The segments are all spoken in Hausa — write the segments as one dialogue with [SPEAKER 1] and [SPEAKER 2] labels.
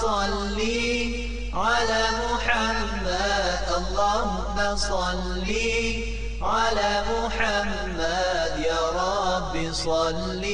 [SPEAKER 1] صل على محمد اللهم صل على محمد يا رب صلِّ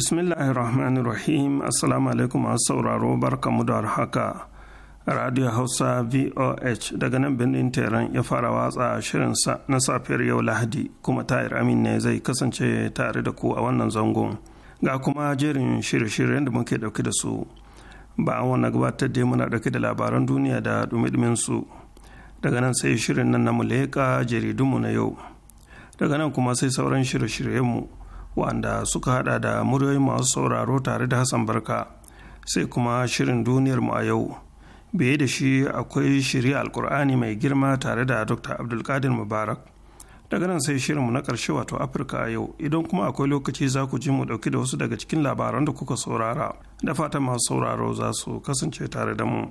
[SPEAKER 2] bismillahir rahmanir rahim assalamu alaikum masu sauraro barkamu da haka radio hausa voh daga nan birnin tehran ya fara watsa shirin sa na safiyar yau lahadi kuma tahir amin ne zai kasance tare da ku a wannan zangon ga kuma jerin shirye-shiryen da muke dauke da su ba an wannan gabatar da muna dauke da labaran duniya da dumidumin su daga nan sai shirin nan na muleka jaridunmu na yau daga nan kuma sai sauran shirye-shiryenmu wanda suka hada da muryoyin masu sauraro tare da hassan barka sai kuma shirin duniyar mu a yau biye da shi akwai shirya alkur'ani mai girma tare da dr abdulkadir mubarak daga nan sai shirin mu na ƙarshe wato afirka a yau idan kuma akwai lokaci za ku ji mu ɗauki da wasu daga cikin labaran da kuka saurara da fatan masu sauraro za su kasance tare da mu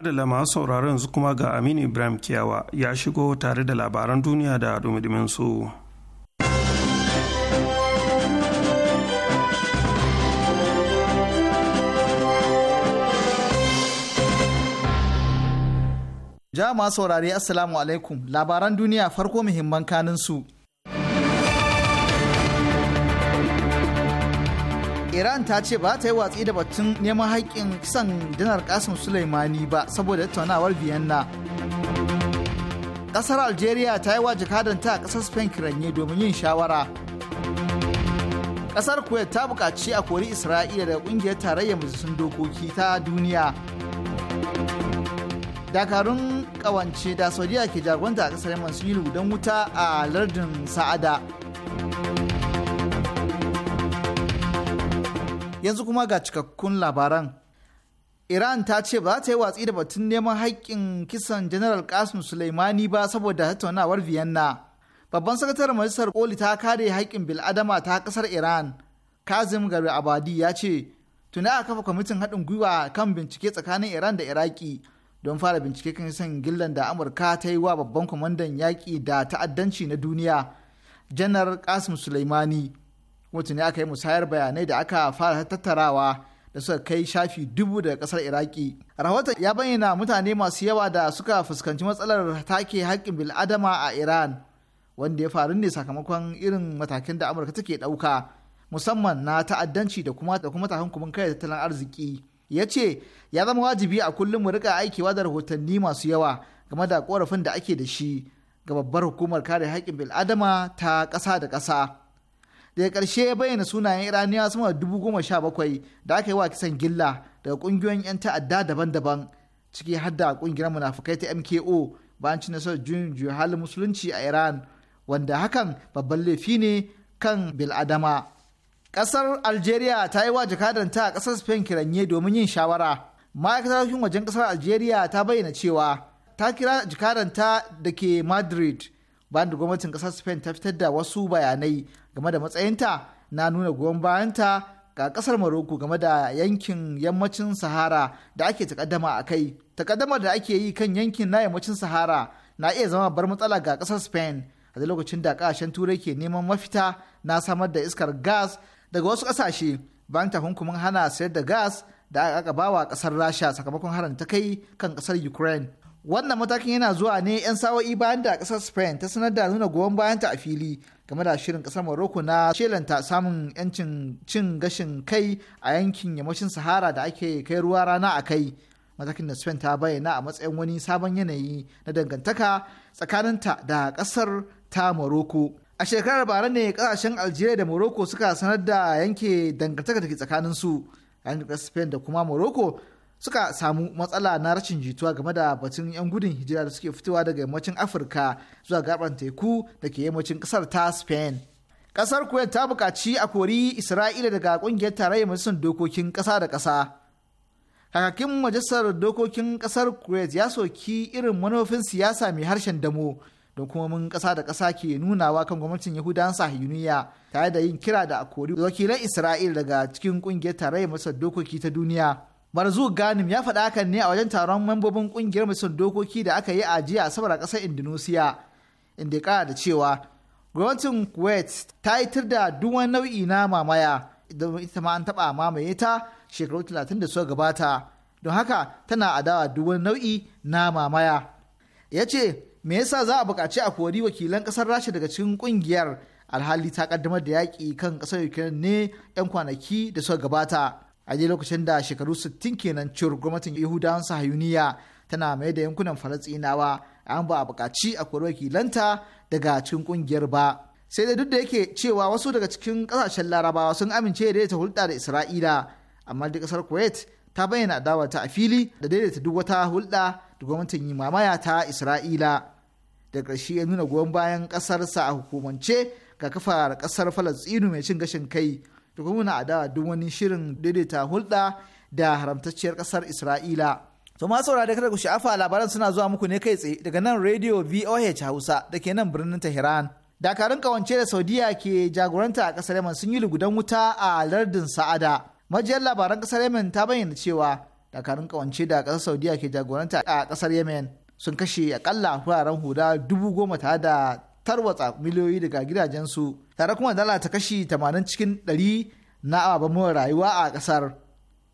[SPEAKER 2] adala masu sauraron su kuma ga Aminu Ibrahim Kiyawa ya shigo tare da labaran duniya da dumidimin su.
[SPEAKER 3] Jama'a saurari Assalamu alaikum labaran duniya farko muhimman kanin su. iran ta ce ba ta yi watsi da batun neman haƙƙin kisan janar kasim suleimani ba saboda tattaunawar vienna ƙasar algeria ta yi wa jakadanta a ƙasar spain kiranye domin yin shawara ƙasar kuwait ta buƙaci a kori isra'ila daga ƙungiyar tarayyar majalisun dokoki ta duniya dakarun ƙawance da saudiya ke jagoranta a ƙasar yaman sun yi don wuta a lardin sa'ada Hmm. yanzu kuma ga cikakkun labaran iran ta ce ba za ta yi watsi da batun neman haƙƙin kisan general kasim suleimani ba saboda tattaunawar vienna babban sakataren majalisar koli ta kare haƙƙin bil'adama ta ƙasar iran kazim gari abadi ya ce tuni a kafa kwamitin haɗin gwiwa kan bincike tsakanin iran da iraki don fara bincike kan san gillan da amurka ta yi wa babban kwamandan yaƙi da ta'addanci na duniya janar kasim suleimani kuma tuni aka yi musayar bayanai da aka fara tattarawa da suka kai shafi dubu daga kasar iraki rahoton ya bayyana mutane masu yawa da suka fuskanci matsalar take haƙƙin bil'adama a iran wanda ya faru ne sakamakon irin matakin da amurka take ɗauka musamman na ta'addanci da kuma da kuma takunkumin kai tattalin arziki ya ce ya zama wajibi a kullum mu rika aikewa da rahotanni masu yawa game da korafin da ake da shi ga babbar hukumar kare haƙƙin bil'adama ta ƙasa da ƙasa daga karshe ya bayyana sunayen iraniya sama da dubu goma sha bakwai da aka yi wa kisan gilla daga ƙungiyoyin 'yan ta'adda daban-daban ciki har da ƙungiyar munafukai ta mko bayan cin nasarar juyin halin musulunci a iran wanda hakan babban laifi ne kan bil adama. ƙasar algeria ta yi wa jakadanta a ƙasar spain kiranye domin yin shawara ma'aikatar hukumar wajen ƙasar algeria ta bayyana cewa ta kira jakadanta da ke madrid bayan da gwamnatin ƙasar spain ta fitar da wasu bayanai game da matsayinta na nuna goyon bayanta ga kasar maroko game da yankin yammacin Sahara da ake takaddama a kai. Takaddamar da ake yi kan yankin na yammacin Sahara na iya zama bar matsala ga kasar Spain a lokacin da kasashen Turai ke neman mafita na samar da iskar gas daga wasu kasashe bayan takunkumin hana sayar da gas da aka bawa kasar Rasha sakamakon harin ta kai kan kasar Ukraine. wannan matakin yana zuwa ne 'yan sawa'i bayan da kasar spain ta sanar da nuna goyon bayanta a fili game da shirin kasar Morocco na shelanta samun yancin cin gashin kai a yankin yammacin Sahara da ake kai ruwa rana a kai. Matakin da Spain ta bayyana a matsayin wani sabon yanayi na dangantaka tsakaninta da kasar ta Morocco. A shekarar bara ne kasashen Algeria da Morocco suka sanar da yanke dangantaka da ke tsakaninsu. Yayin da Spain da kuma Morocco suka samu matsala na rashin jituwa game da batun 'yan gudun hijira da suke fitowa daga yammacin afirka zuwa gaban teku da ke yammacin kasar ta spain kasar kuwait ta bukaci a kori isra'ila daga kungiyar tarayyar majalisar dokokin kasa da kasa kakakin majalisar dokokin kasar kuwait ya soki irin manufofin siyasa mai harshen damo don kuma mun kasa da ƙasa ke nunawa kan gwamnatin yahudan sahiyuniya tare da yin kira da a kori wakilan isra'ila daga cikin kungiyar tarayyar majalisar dokoki ta duniya marzu ganim ya faɗa hakan ne a wajen taron membobin ƙungiyar son dokoki da aka yi a jiya asabar a ƙasar indonesia inda ya ƙara da cewa gwamnatin kuwait ta yitar da duk wani nau'i na mamaya idan ita ma an taɓa mamaye ta shekaru talatin da suka gabata don haka tana adawa duk wani nau'i na mamaya ya ce me yasa za a buƙaci a kori wakilan ƙasar rasha daga cikin ƙungiyar alhali ta ƙaddamar da yaƙi kan ƙasar ukraine ne 'yan kwanaki da suka gabata a je lokacin da shekaru 60 kenan cewar gwamnatin yahudawan hayuniya tana mai da yankunan falastinawa an ba a buƙaci a kori wakilanta daga cikin kungiyar ba sai da duk da yake cewa wasu daga cikin kasashen larabawa sun amince da daidaita hulɗa da isra'ila amma duk ƙasar kuwait ta bayyana ta a fili da daidaita duk wata hulɗa da gwamnatin yi mamaya ta isra'ila da ƙarshe ya nuna goyon bayan ƙasarsa a hukumance ga kafa kasar falastinu mai cin gashin kai da kuma muna adawa duk wani shirin daidaita hulɗa da haramtacciyar ƙasar Isra'ila. To ma da kada ku sha'afa labaran suna zuwa muku ne kai tsaye daga nan Radio VOH Hausa da ke nan birnin Tehran. Dakarun kawance da Saudiya ke jagoranta a ƙasar Yemen sun yi lugudan wuta a lardin Sa'ada. Majiyar labaran ƙasar Yemen ta bayyana cewa dakarun kawance da ƙasar Saudiya ke jagoranta a ƙasar Yemen sun kashe akalla wuraren huda dubu goma tare da tarwatsa miliyoyi daga gidajensu tare kuma dala ta kashi 80 cikin 100 na ababen rayuwa a kasar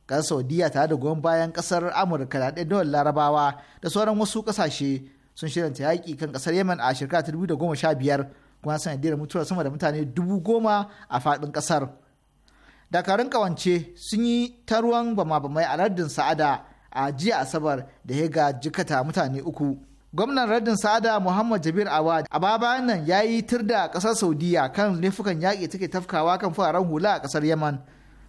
[SPEAKER 3] kasar saudiya tare da goyon bayan kasar amurka da ɗaya dawar larabawa da sauran wasu kasashe sun shirinta yaƙi kan kasar yemen a shekara 2015 kuma sanadiyar mutuwar sama da mutane 10,000 a faɗin kasar dakarun kawance sun yi ta ruwan bama-bamai a lardin sa'ada a jiya asabar da ya ga jikata mutane uku gwamnan radin sada muhammad jabir awad a babayan nan ya yi tir da kasar saudiya kan laifukan yaƙi take tafkawa kan fararen hula a kasar yaman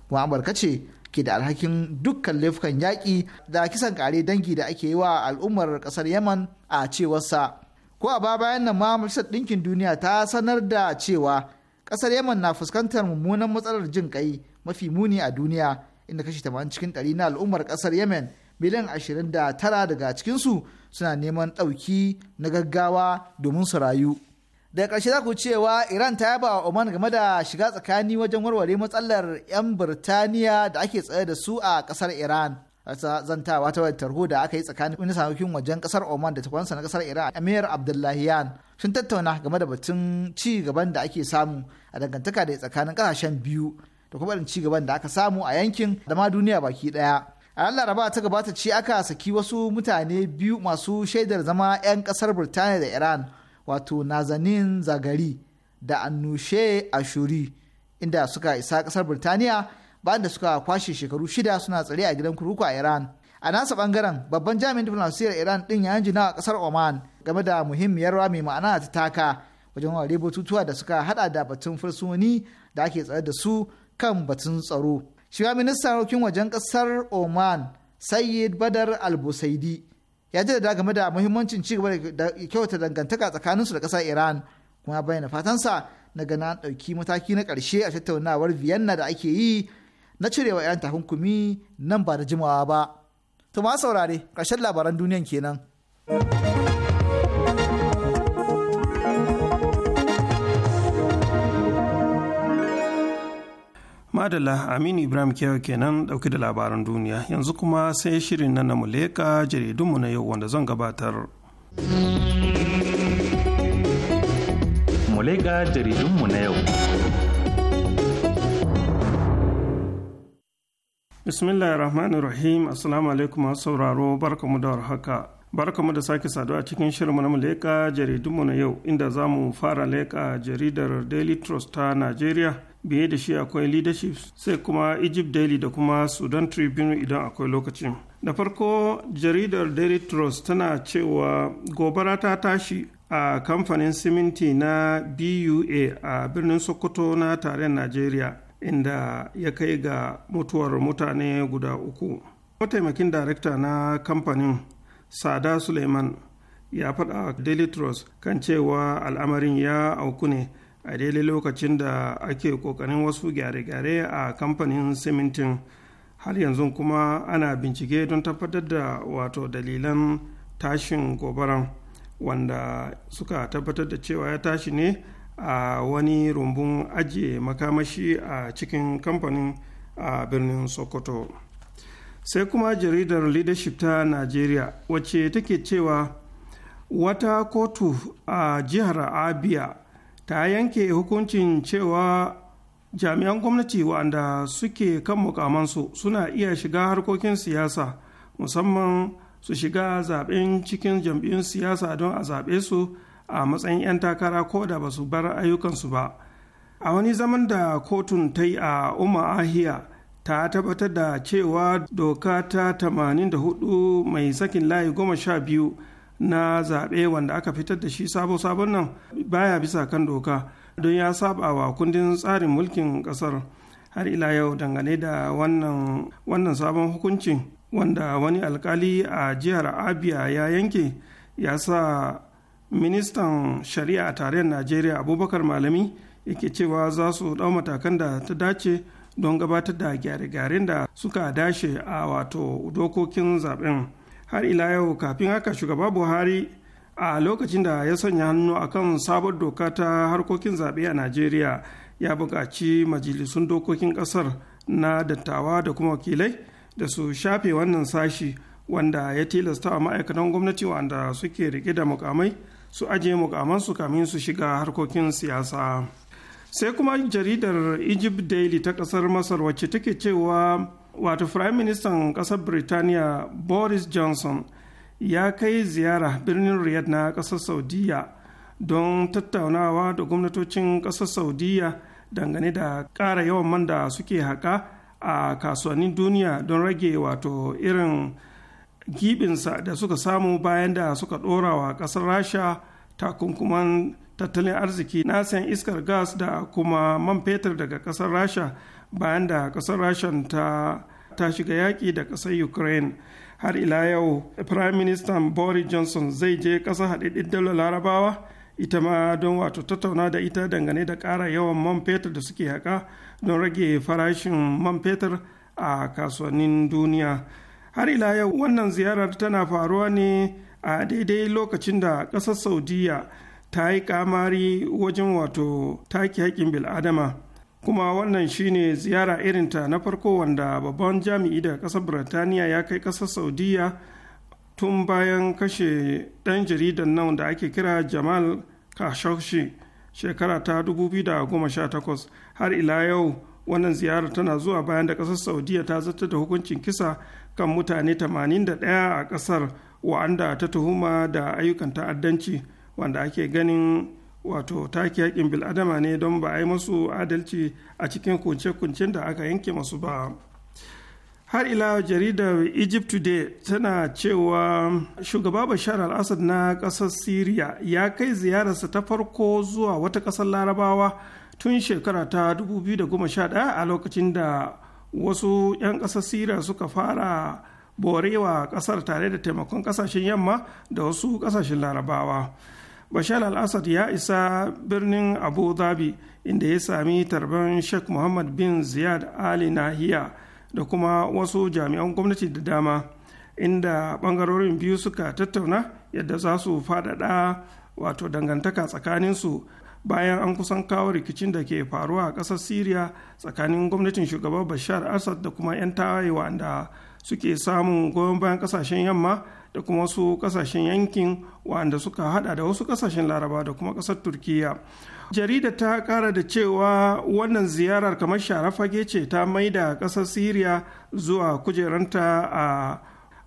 [SPEAKER 3] muhammad kace ke da alhakin dukkan laifukan yaƙi da kisan kare dangi da ake yi wa al'ummar kasar yaman a cewarsa ko a babayan nan ma majalisar ɗinkin duniya ta sanar da cewa kasar yaman na fuskantar mummunan matsalar jin kai mafi muni a duniya inda kashi 80 cikin ɗari na al'ummar kasar yamen miliyan 29 daga cikinsu suna neman ɗauki na gaggawa domin su rayu. Daga ƙarshe za ku cewa Iran ta yaba wa Oman game da shiga tsakani wajen warware matsalar 'yan Birtaniya da ake tsaye da su a ƙasar Iran. zantawa ta wadda tarho da aka yi tsakanin wani samakin wajen kasar Oman da takwansa na kasar Iran Amir Abdullahiyan sun tattauna game da batun ci gaban da ake samu a dangantaka da tsakanin kasashen biyu da kuma ci gaban da aka samu a yankin da ma duniya baki ɗaya. a ran laraba ta gabata ce aka saki wasu mutane biyu masu shaidar zama 'yan kasar birtaniya da iran wato nazanin zagari da annushe ashuri inda suka isa kasar birtaniya bayan da suka kwashe shekaru shida suna tsare a gidan kurkuku a iran a nasa bangaren babban jami'in diflomasiyar iran din ya jina a kasar oman game da muhimmiyar ruwa mai ma'ana ta taka wajen ware batutuwa da suka hada da batun fursuni da ake tsare da su kan batun tsaro shiga ministan harkokin wajen kasar oman sayyid badar al ya ji da game da muhimmancin ci gaba da kyauta dangantaka tsakaninsu da kasar iran kuma bayyana fatansa na gana ɗauki mataki na karshe a tattaunawar vienna da ake yi na cirewa iran takunkumi nan ba da jimawa ba to ma saurare karshen labaran duniyan kenan.
[SPEAKER 2] madalla aminu ibrahim kewa kenan dauke da labaran duniya yanzu kuma sai shirin na muleka jaridunmu na yau wanda zan gabatar muleka jaridunmu na yau rahim assalamu alaikum masu sauraro barkamu da warhaka barkamu da sake saduwa cikin shirinmu na muleka jaridunmu na yau inda za mu fara leka jaridar daily trust ta najeriya biye da shi akwai leadership sai kuma egypt daily da kuma sudan tribune idan akwai lokacin da farko jaridar daily trust tana cewa gobara ta tashi a kamfanin siminti na bua a birnin sokoto na tarayyar najeriya inda ya kai ga mutuwar mutane guda uku mataimakin darakta na kamfanin sada suleiman ya faɗa daily trust kan cewa al'amarin ya auku ne a daidai lokacin da ake kokarin wasu gyare-gyare a kamfanin simintin har yanzu kuma ana bincike don tabbatar da wato dalilan tashin gobaran wanda suka tabbatar da cewa ya tashi ne a wani rumbun ajiye makamashi a cikin kamfanin a birnin sokoto sai kuma jaridar leadership ta najeriya wacce take cewa wata kotu a jihar abia ta yanke hukuncin cewa jami'an gwamnati wa'anda suke kan mukamansu suna iya shiga harkokin siyasa musamman su shiga zaɓen cikin jam'iyyun siyasa don a zaɓe su a matsayin 'yan takara ko da ba su bar ayyukansu ba a wani zaman da kotun ta yi a umar ahiya ta tabbatar da cewa doka ta 84 mai sakin layi goma na zaɓe wanda aka fitar da shi sabo-sabon nan baya bisa kan doka don ya saba wa kundin tsarin mulkin ƙasar har ila yau dangane da wannan sabon hukuncin wanda wani alkali a jihar abia ya yanke ya sa ministan shari'a a tarayyar najeriya abubakar malami yake cewa za su ɗau matakan da ta dace don gabatar da gyare-gyaren da suka dashe a wato dokokin zaben har ila yau kafin haka shugaba buhari a lokacin da ya sanya hannu a kan sabon doka ta harkokin zaɓe a najeriya ya buƙaci majalisun dokokin ƙasar na dattawa da kuma wakilai da su shafe wannan sashi wanda ya tilasta a ma'aikatan gwamnati wanda suke rike da mukamai su ajiye mukamansu kamin su shiga harkokin siyasa sai kuma jaridar egypt daily ta ƙasar masar wacce take cewa wato firayim ministan ƙasar birtaniya boris johnson ya kai ziyara birnin riyadh na ƙasar saudiya don tattaunawa da gwamnatocin ƙasar saudiya dangane da ƙara yawan man da suke haƙa a kasuwannin duniya don rage wato irin gibinsa da suka samu bayan da suka ɗora wa ƙasar rasha takunkuman tattalin arziki na sayan iskar gas da kuma man fetur daga ƙasar rasha bayan da ƙasar rashan ta ta shiga yaƙi da ƙasar ukraine har ila yau prime minister boris johnson zai je ƙasar haɗaɗɗen dalar larabawa ita ma don wato tattauna da ita dangane da ƙara yawan man fetur da suke haƙa don rage farashin man fetur a kasuwannin duniya har ila yau wannan ziyarar tana faruwa ne a daidai lokacin da ƙasar saudiya ta yi kamari wajen wato take haƙƙin bil'adama kuma wannan shine ziyara irinta na farko wanda babban jami'i daga ƙasar birtaniya ya kai ƙasar saudiya tun bayan kashe ɗan jaridan nan da ake kira jamal kashoshi shekara ta 2018 har ila yau wannan ziyarar tana zuwa bayan da ƙasar saudiya ta zata da hukuncin kisa kan mutane 81 a ƙasar wa'anda ta tuhuma da ayyukan ta'addanci wanda ake ganin wato take yakin bil'adama ne don ba a yi masu adalci a cikin kunce-kuncen da aka yanke masu ba har ila jaridar egypt today tana cewa shugaba bashar al-assad na ƙasar syria ya kai ziyararsa ta farko zuwa wata ƙasar larabawa tun shekara ta 2011 a lokacin da wasu 'yan ƙasar syria suka fara borewa ƙasar tare da taimakon ƙasashen yamma da wasu ƙasashen larabawa bashar al-assad ya isa birnin abu dhabi inda ya sami tarban sheikh muhammad bin ziyad ali nahiya da kuma wasu jami'an gwamnati da dama inda bangarorin biyu suka tattauna yadda za su fadada wato dangantaka tsakaninsu bayan an kusan kawo rikicin da ke faruwa a ƙasar syria tsakanin gwamnatin shugaban bashar assad da kuma 'yan tawaye da suke samun goyon bayan ƙasashen yamma da kuma wasu kasashen yankin wanda suka hada da wasu kasashen laraba da kuma kasar turkiya jarida ta kara da cewa wannan ziyarar kamar shara fage ce ta maida kasar syria zuwa kujeranta a,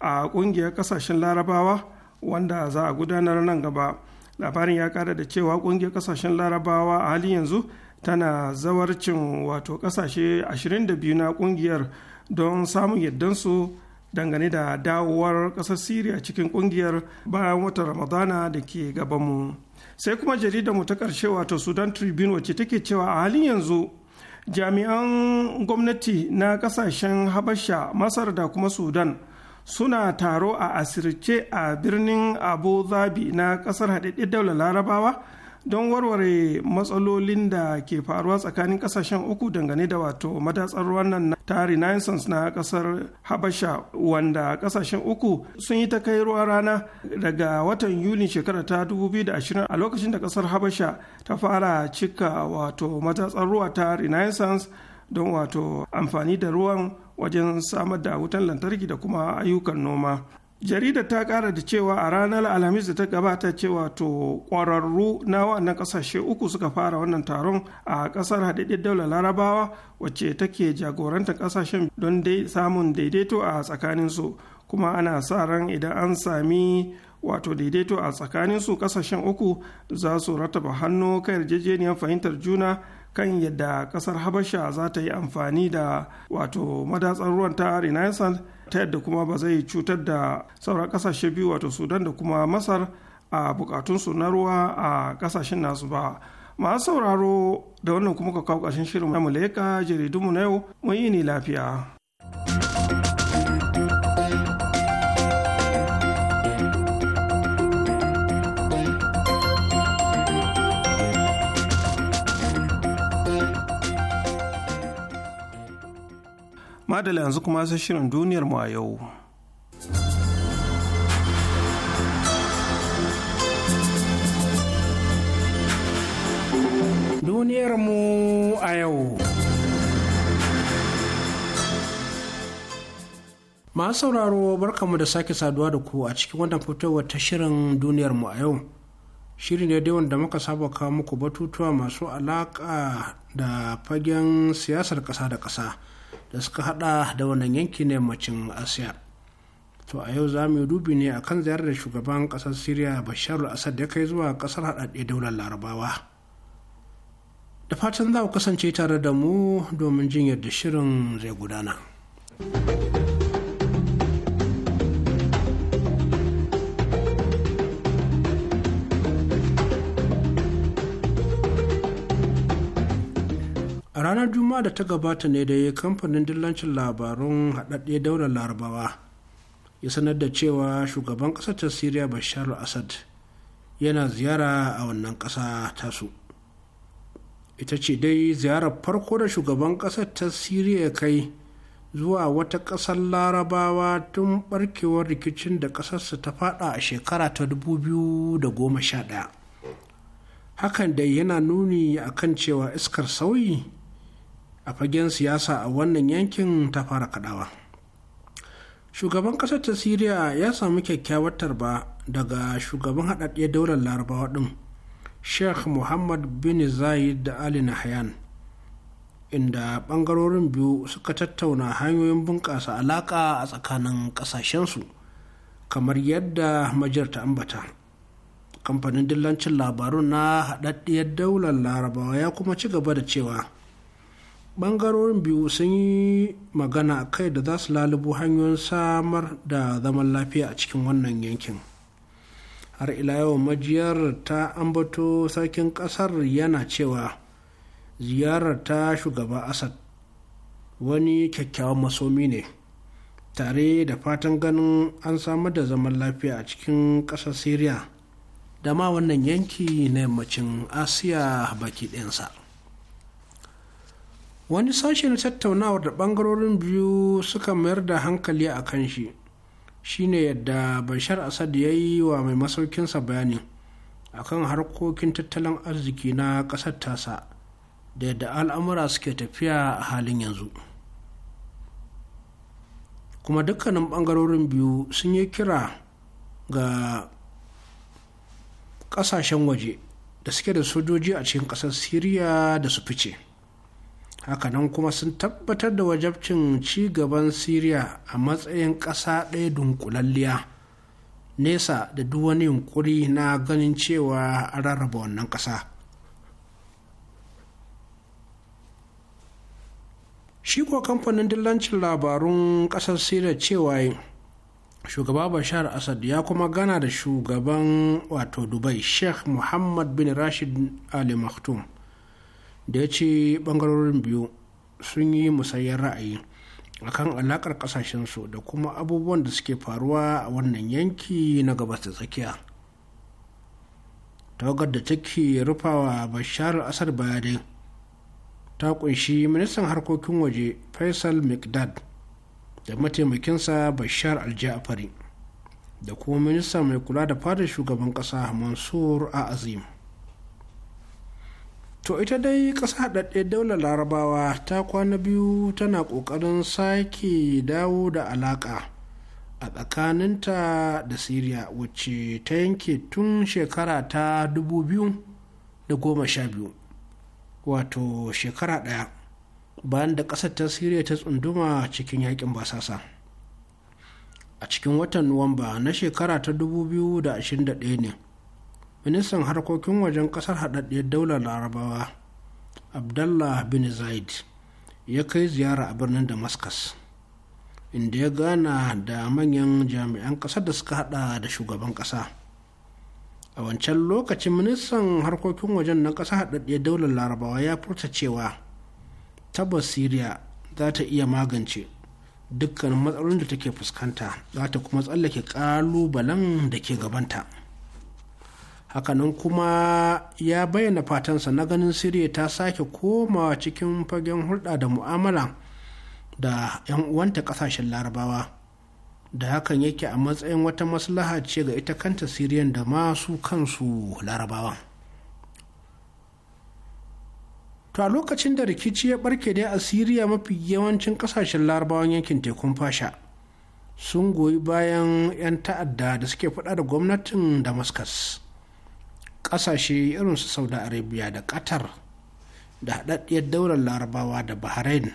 [SPEAKER 2] a kungiyar kasashen larabawa wanda za a gudanar nan gaba labarin ya kara da cewa kungiyar kasashen larabawa a halin yanzu tana zawarcin wato kasashe 22 na kungiyar don samun yardansu dangane da dawowar ƙasar Siriya cikin ƙungiyar bayan watan Ramadana da ke gabanmu. Sai kuma jaridar mu ta ƙarshe wato Sudan Tribune wacce take cewa a halin yanzu jami'an gwamnati na ƙasashen Habasha, Masar da kuma Sudan suna taro a asirce a birnin Abu Dhabi na ƙasar haɗaɗɗen daular Larabawa don warware matsalolin da ke faruwa tsakanin kasashen uku dangane da wato matatsar ruwan nan ta renaissance na kasar habasha wanda kasashen uku sun yi ta kai ruwa rana daga watan yulin shekara ta 2020 a lokacin da kasar habasha ta fara cika wato matatsar ruwa ta renaissance don wato amfani da ruwan wajen samar da wutan lantarki da kuma ayyukan noma jaridar ta kara da cewa a ranar alhamis da ta gabata cewa to kwararru na wannan kasashe uku suka fara wannan taron a kasar haɗaɗɗen daular larabawa wacce take jagorantar ƙasashen don samun daidaito a tsakaninsu kuma ana sa ran idan an sami wato daidaito a tsakaninsu ƙasashen uku za su rataba hannu kan yarjejeniyar fahimtar juna kan yadda ƙasar habasha za ta yi amfani da wato madatsar ruwan ta renaissance ta yadda kuma ba zai cutar da sauran kasashe biyu wato sudan da kuma masar a bukatunsu na ruwa a kasashen nasu ba masu sauraro da wannan kuma ka kawo ƙarshen shirin mu leka jaridunmu na yau mun yi ni lafiya madala yanzu kuma sai shirin duniyar mu a yau
[SPEAKER 4] duniyar mu a yau masu sauraro barkamu da sake saduwa da ku a cikin wannan fitowar ta shirin duniyar mu a yau shiri ne dai wanda muka saba kawo muku batutuwa masu alaƙa da fagen siyasar ƙasa da ƙasa da suka hada da wannan yanki na yammacin asiya to a yau za mu dubi ne akan ziyarar da shugaban kasar syria bashar assad ya kai zuwa kasar haɗaɗɗe daular larabawa da fatan za ku kasance tare da mu domin jin yadda shirin zai gudana. da ta gabata ne da kamfanin dillancin labarun haɗaɗɗe daular larabawa ya sanar da cewa shugaban ƙasar ta siriya bashar al-assad yana ziyara a wannan ƙasa tasu ita ce dai ziyarar farko da shugaban ƙasar ta siriya kai zuwa wata ƙasar larabawa tun barkewar rikicin da ƙasarsa ta faɗa a shekara ta 2011 hakan da yana nuni akan cewa iskar sauyi a fagen siyasa a wannan yankin ta fara kadawa shugaban kasar ta siriya ya samu kyakkyawar tarba daga shugaban haɗaɗɗiyar daular larabawa ɗin sheikh muhammad bin zayed da ali nahyan inda ɓangarorin biyu suka tattauna hanyoyin bunƙasa alaƙa a tsakanin ƙasashensu kamar yadda majiyar ta ambata kamfanin dillancin labarun na haɗaɗɗiyar daular larabawa ya kuma ci gaba da cewa bangarorin biyu sun yi magana kai da za su lalubu hanyoyin samar da zaman lafiya a cikin wannan yankin har ila yau majiyar ta ambato sarkin kasar yana cewa ziyarar ta shugaba asad wani kyakkyawan masomi ne tare da fatan ganin an samar da zaman lafiya a cikin ƙasar syria dama wannan yanki na yammacin asiya baki ɗinsa wani sashe na tattaunawar da bangarorin biyu suka mayar da hankali a kan shi shine yadda bashar asad ya yi wa mai masaukinsa bayani akan harkokin tattalin arziki na ƙasar tasa da yadda al'amura suke tafiya a halin yanzu kuma dukkanin bangarorin biyu sun yi kira ga ƙasashen waje da suke da sojoji a cikin ƙasar siriya da su fice. hakanan kuma sun tabbatar da wajabcin ci gaban syria a matsayin ƙasa ɗaya dunkulalliya nesa da duk wani yunkuri na ganin cewa a rarraba wannan ƙasa shi kuwa kamfanin dillancin labarun ƙasar syria cewa shugaba bashar asad ya kuma gana da shugaban wato dubai sheikh muhammad bin rashid ali maktoum da ya ce bangarorin biyu sun yi musayar ra'ayi akan alakar kasashensu da kuma abubuwan da suke faruwa a wannan yanki na gabas da tsakiya tawagar da take rufawa bashar asar bayadai ta kunshi ministan harkokin waje faisal mcdad da mataimakinsa bashar alja'afari da kuma ministan mai kula da fadar shugaban kasa mansur a azim To ita dai ƙasa haɗaɗɗen daular larabawa ta kwana biyu tana ƙoƙarin sake dawo da alaƙa a tsakaninta da Siriya wacce ta yanke tun shekara ta 2012 wato shekara ɗaya bayan da ƙasar ta Siriya ta tsunduma cikin yakin basasa. A cikin watan Nuwamba na shekara ta 2021 ne. ministan harkokin wajen kasar haɗaɗɗiyar daular larabawa abdallah bin zaid ya kai ziyara a birnin damascus inda ya gana da manyan jami'an ƙasar da suka hada da shugaban ƙasa a wancan lokacin ministan harkokin wajen na ƙasar haɗaɗɗiyar daular larabawa ya furta cewa tabbas Siriya za ta iya magance dukkan matsalolin da take fuskanta za ta kuma tsallake ƙalubalen da ke gabanta. hakanan kuma ya bayyana fatansa na ganin siriya ta sake komawa cikin fagen hulɗa da mu'amala da 'yan uwanta ƙasashen larabawa da hakan yake a matsayin wata maslaha ce ga ita kanta siriyan da masu kansu larabawa to a lokacin da rikici ya barke dai a siriya mafi yawancin ƙasashen larabawan yankin tekun fasha sun goyi bayan 'yan ta'adda da suke fada da gwamnatin damascus ƙasashe irin su saudi arabia da qatar da haɗaɗɗiyar daular larabawa da bahrain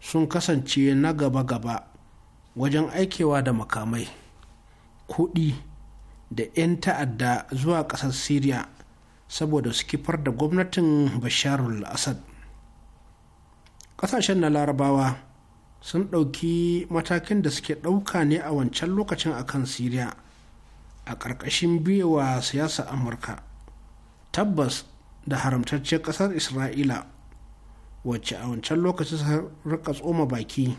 [SPEAKER 4] sun kasance na gaba-gaba wajen aikewa da makamai kuɗi da 'yan ta'adda zuwa ƙasar syria saboda su kifar da gwamnatin basharul asad ƙasashen na larabawa sun ɗauki matakin da suke ɗauka ne a wancan lokacin akan syria a ƙarƙashin biyewa siyasa amurka tabbas da haramtacciyar ƙasar isra'ila wacce a wancan lokacin sun rika tsoma baki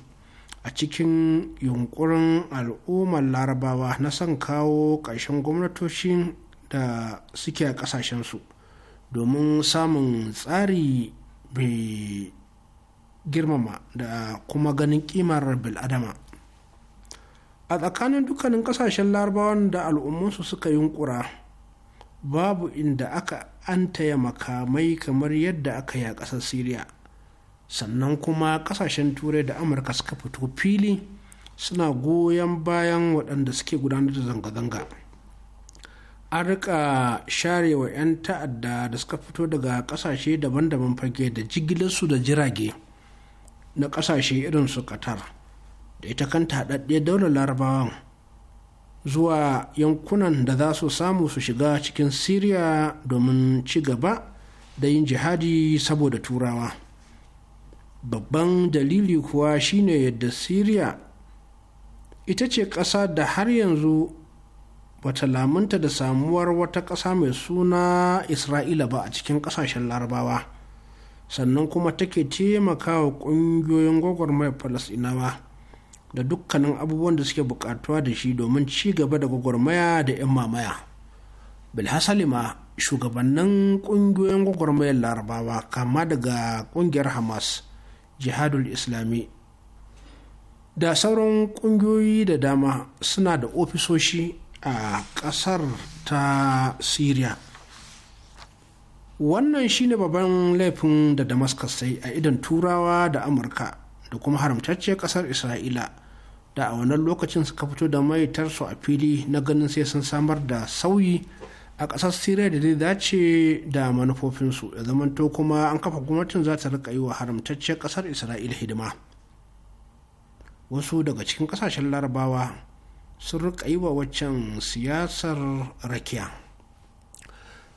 [SPEAKER 4] a cikin yunkurin al'ummar larabawa na son kawo ƙarshen gwamnatocin da suke a ƙasashensu domin samun tsari mai girmama da kuma ganin kimar bil'adama a tsakanin dukkanin ƙasashen larabawan da al'ummunsu suka yunkura babu inda aka antaya makamai kamar yadda aka yi a ƙasar syria sannan kuma ƙasashen turai da amurka suka fito fili suna goyon bayan waɗanda suke gudanar da zanga-zanga an rika sharewa 'yan ta'adda da suka fito daga ƙasashe daban-daban fage da jigilarsu da jirage na ƙasashe irin su qatar da ita kanta haɗaɗɗe daular larabawan zuwa yankunan da za su samu su shiga cikin Siriya domin ci gaba da yin jihadi saboda turawa. Babban dalili kuwa shine yadda Siriya ita ce ƙasa da har yanzu bata lamunta da samuwar wata ƙasa mai suna Isra'ila ba a cikin ƙasashen larabawa. sannan kuma take taimakawa ƙungiyoyin gwagwarmayar falasɗinawa da dukkanin abubuwan da suke bukatuwa da shi domin ci gaba da gwagwarmaya da 'yan mamaya bilhassali ma shugabannin kungiyoyin gwagwarmayar larabawa kama daga kungiyar hamas jihadul islami da sauran kungiyoyi da dama suna da ofisoshi a kasar ta syria wannan shine babban laifin da damascus sai a idan turawa da amurka da kuma haramtacciyar ƙasar isra'ila da a wannan lokacin suka fito da maitarsu a fili na ganin sai sun samar da sauyi a ƙasar siriya da zai dace da manufofinsu ya zamanto kuma an kafa gwamnatin za ta rika yi wa haramtacce ƙasar isra'ila hidima wasu daga cikin ƙasashen larabawa sun rika yi wa waccan siyasar rakiya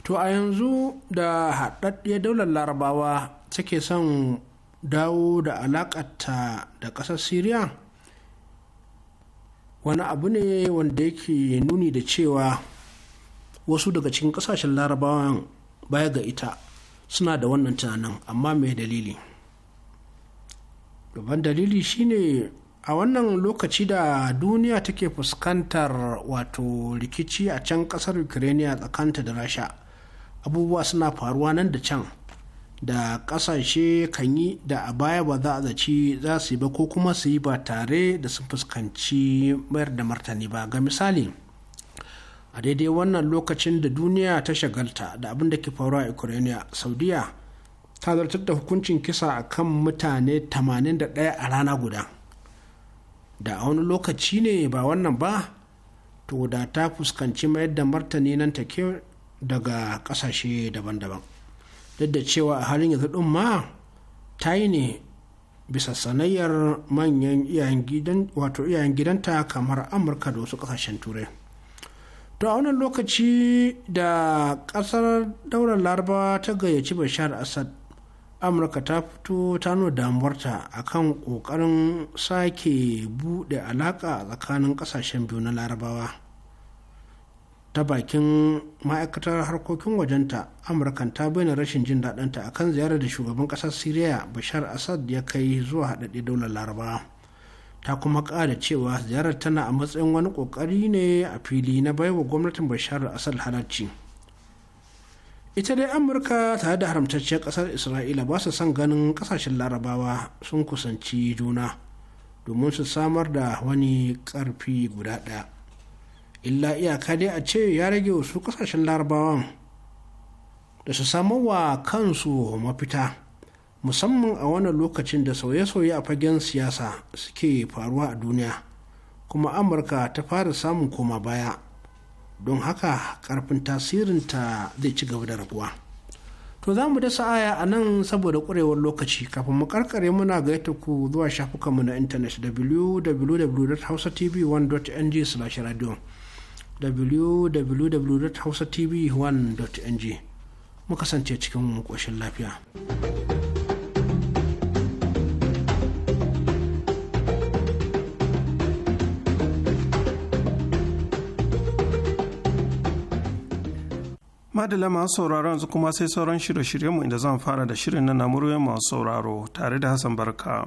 [SPEAKER 4] to a yanzu da haɗaɗɗiyar daular larabawa take son dawo da alakata da ƙasar syria wani abu ne wanda yake nuni da cewa wasu daga cikin ƙasashen larabawan baya ga ita suna da wannan tunanin amma mai dalili gaban dalili shine a wannan lokaci da duniya take fuskantar wato rikici a can kasar ukraine tsakanta da rasha abubuwa suna faruwa nan da can da ƙasashe kan yi da a baya ba za a zaci za su yi ba ko kuma su yi ba tare da sun fuskanci mayar da martani ba ga misali a daidai wannan lokacin da duniya ta shagalta da abin da ke faruwa a ukraine saudiya ta zartar da hukuncin kisa a kan mutane 81 a rana guda da a wani lokaci ne ba wannan ba to da ta fuskanci mayar da martani nan take daga ƙasashe daban-daban duk da cewa a halin yanzu ɗin ma ta yi ne bisa sanayyar manyan iyayen gidanta kamar amurka da wasu ƙasashen turai to a wannan lokaci da ƙasar daular laraba ta gayyaci bashar asad amurka ta fito ta nuna damuwarta akan ƙoƙarin sake buɗe alaƙa tsakanin ƙasashen biyu na larabawa ta bakin ma'aikatar harkokin wajenta amurka ta bayyana rashin jin daɗinta a kan ziyarar da shugaban ƙasar syria bashar assad ya kai zuwa haɗaɗɗe daular laraba ta kuma ƙara cewa ziyarar tana a matsayin wani ƙoƙari ne a fili na baiwa gwamnatin bashar assad halarci ita dai amurka tare da haramtacciyar ƙasar isra'ila ba su son ganin ƙasashen larabawa sun kusanci juna domin su samar da wani ƙarfi guda ɗaya illa iyaka dai a ce ya rage wasu kasashen larabawan da su samu wa kansu mafita musamman a wannan lokacin da sauye-sauye a fagen siyasa suke faruwa a duniya kuma amurka ta fara samun koma baya don haka karfin tasirinta zai ci gaba da rabuwa. to za mu dasa aya a nan saboda ƙwarewar lokaci kafin mu karkare muna gaita ku zuwa shafukanmu na intanet www.hausatv1.ng/radio www.hausatv1.ng mu kasance cikin ƙoshin lafiya.
[SPEAKER 2] Madala masu sauraro yanzu kuma sai sauran shirye-shiryenmu inda zan fara da shirin na namuriyoyin masu sauraro tare da Hassan Barka.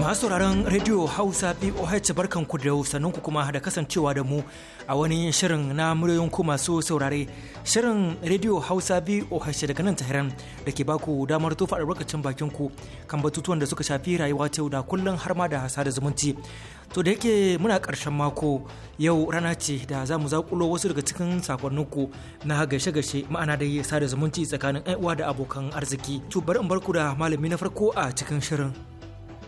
[SPEAKER 5] Masu sauraron Radio Hausa BOH ku da ku kuma da kasancewa da mu a wani shirin na muryoyin ku masu saurare. Shirin Radio Hausa BOH daga nan Tahiran da ke baku damar tofa albarkacin bakin ku kan batutuwan da suka shafi rayuwa ta yau da kullum har ma da sada zumunci. To da yake muna karshen mako yau rana ce da za mu zakulo wasu daga cikin ku na gashe-gashe ma'ana da sada zumunci tsakanin uwa da abokan arziki. To bari in barku da malami na farko a cikin shirin.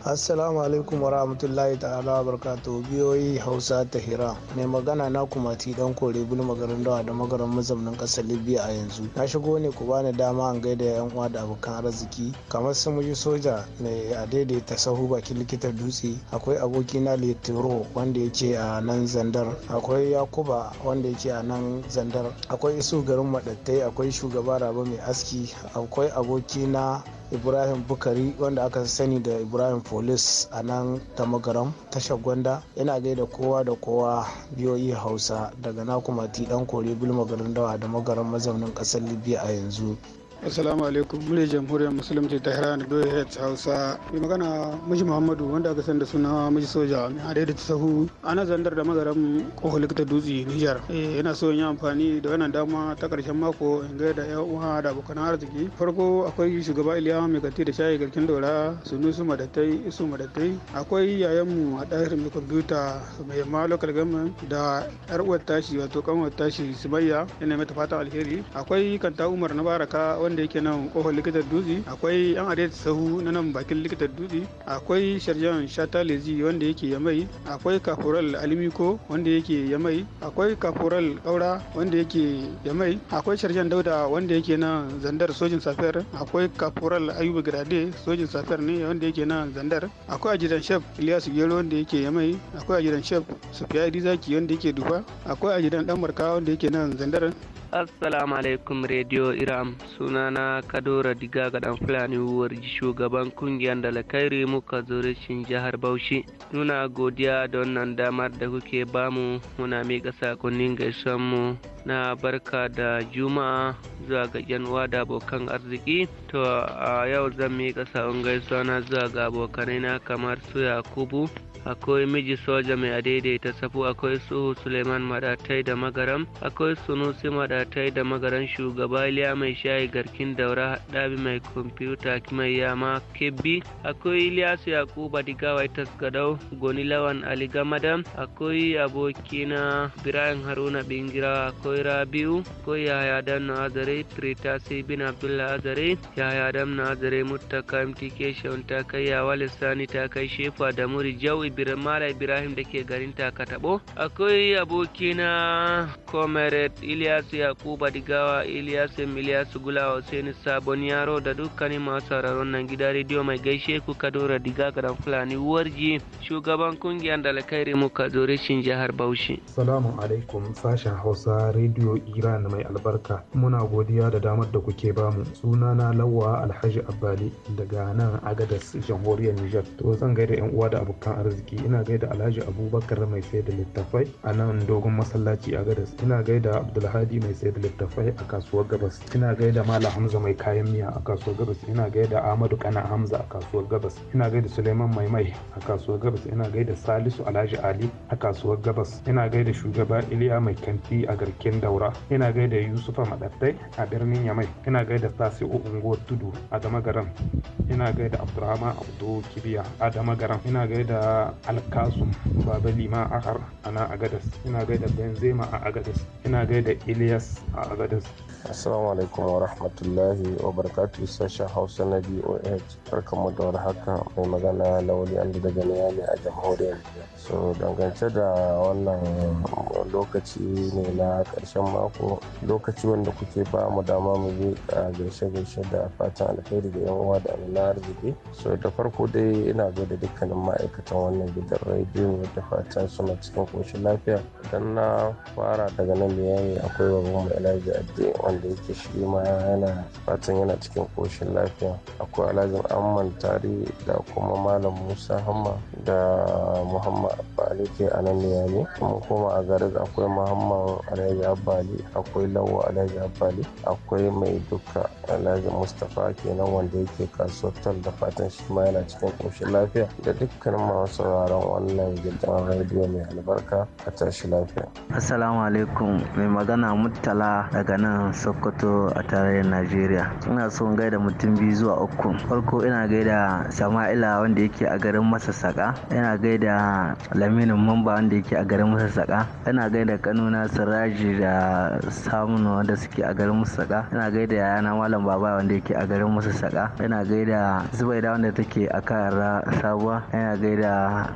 [SPEAKER 6] assalamu alaikum wa rahmatullahi ta'ala wa barakatuhu biyoyi hausa ta hira mai magana na kuma ti dan kore bulu magarin dawa da magarin mazaunin kasar libya a yanzu na shigo ne ku bani dama an gaida yan uwa da abokan arziki kamar sun muji soja ne a daidaita sahu bakin likitan dutse akwai aboki na litiro wanda yake a nan zandar akwai yakuba wanda yake a nan zandar akwai isu garin madattai akwai shugaba raba mai aski akwai aboki na ibrahim bukari wanda aka sani da ibrahim folis a nan tamagaram tashar gwanda yana gaida kowa da kowa biyoyi e hausa daga nakumati dan kore bulma garin dawa da magaran mazaunin kasar libya a yanzu
[SPEAKER 7] Assalamu alaikum muryar jamhuriyar musulunci ta Iran BH Hausa. Mai magana miji Muhammadu wanda aka san da suna miji soja mai adai da sahu ana zandar da magaram kohol ta dutse nijar yana eh, so in yi amfani da wannan dama ta karshen mako in ga da ƴan uwa da abokan arziki. Farko akwai shugaba Iliya mai gati da shayi garkin dora Sunusu madatai Isu madatai Akwai yayanmu a ɗahir mai kwamfuta mai yamma local government da yar uwar tashi wato uwar tashi Sumayya yana mata fatan alheri. Akwai kanta Umar na Baraka wanda yake nan kofar likitar dutse akwai yan arewa sahu na nan bakin likitar dutse akwai sharjan shata lezi wanda yake yamai akwai kafural alimiko wanda yake yamai akwai kafural kaura wanda yake yamai akwai sharjan dauda wanda yake nan zandar sojin safiyar akwai kafural ayuba grade sojin safiyar ne wanda yake nan zandar akwai ajidan shef iliyasu gero wanda yake yamai akwai ajidan shef sufiya zaki wanda yake duba akwai ajidan dan marka wanda yake nan zandar
[SPEAKER 8] assalamu alaikum radio iram sunana kadora diga ga dan fulani wuwar shugaban kungiyar dalakairi muka zurishin jihar bauchi nuna godiya da wannan damar da kuke bamu muna miƙa sakonnin mu na barka da juma'a zuwa ga da abokan arziki to a yau zan miƙa sakon gaisuwa na zuwa ga abokanai na kamar su yakubu akwai miji soja mai adaidaita safu akwai su suleiman madatai da magaram akwai sunusi madatai ta da magaran shugaba iliya mai shayi garkin daura haɗabi mai kwamfuta mai yama kebbi akwai iliyasu yakuba Diga ita gadau goni lawan ali gamadam akwai abokina birayin haruna bingira akwai rabiu akwai yahaya dan na azare tritasi bin abdullah azare yahaya dan na azare mtk shawun ta kai yawa lissani ta kai shefa da muri jau ibrahim ibrahim da ke garin takatabo akwai abokina comrade iliyasu yakuba digawa iliyasu miliyasu gulawa usaini sabon yaro da dukkanin masu sauraron nan gida rediyo mai gaishe ku kadora diga garan fulani warji shugaban kungiyar dalakairi muka shin jihar bauchi
[SPEAKER 9] salamu alaikum sashen hausa rediyo iran mai albarka muna godiya da damar da kuke bamu Suna na Lawwa alhaji abbali daga nan agadas jamhuriyar niger to zan gaida yan uwa da abokan arziki ina gaida alhaji abubakar mai sai da littafai a nan dogon masallaci a agadas ina gaida abdulhadi mai mai sayar da littafai a kasuwar gabas ina gaida malam hamza mai kayan miya a kasuwar gabas ina gaida ahmadu kana hamza a kasuwar gabas ina gaida suleiman maimai a kasuwar gabas ina gaida salisu alhaji ali a kasuwar gabas ina gaida shugaba iliya mai kanti a garken daura ina gaida yusufa madattai a birnin yamai ina gaida tasi'u unguwar tudu a dama garan. ina gaida abdurrahman abdu kibiya a dama garan. ina gaida alkasum baba lima har ana agadas ina gaida benzema a agadas ina gaida Iliyas. gas Assalamu alaikum wa rahmatullahi wa barakatu sashen Hausa na
[SPEAKER 6] BOH. Barkanmu da haka mai magana Lawali Andu daga Niyami a
[SPEAKER 9] jamhuriyar Nijar.
[SPEAKER 6] so dangance da wannan lokaci ne na ƙarshen mako lokaci wanda kuke ba mu dama mu je a gaishe-gaishe da fatan alheri da yan uwa da amina arziki so da farko dai ina zo da dukkanin ma'aikatan wannan gidan rediyo da fatan suna cikin koshin lafiya idan na fara daga nan yayi akwai babban mu alhaji adde wanda yake shi ma yana fatan yana cikin koshin lafiya akwai alhaji amman tari da kuma malam musa hamma da muhammad alike a nan ne kuma kuma a garin akwai muhammad alhaji abali akwai lawa alhaji abali akwai mai duka alhaji mustapha kenan wanda yake kasuwar tal da fatan shi ma yana cikin ƙoshin lafiya da dukkan masu sauraron wannan gidan rediyo mai albarka a tashi lafiya.
[SPEAKER 10] assalamu alaikum mai magana murtala daga nan sokoto a tarayyar najeriya ina son gaida mutum biyu zuwa uku farko ina gaida sama'ila wanda yake a garin masasaka ina gaida laminin mamba wanda yake a garin masassaka ina gaida kanuna siraji da samun wanda suke a garin masassaka ina gaida yayana malam baba wanda yake a garin masassaka ina gaida zubaida wanda take a kara sabuwa ina gaida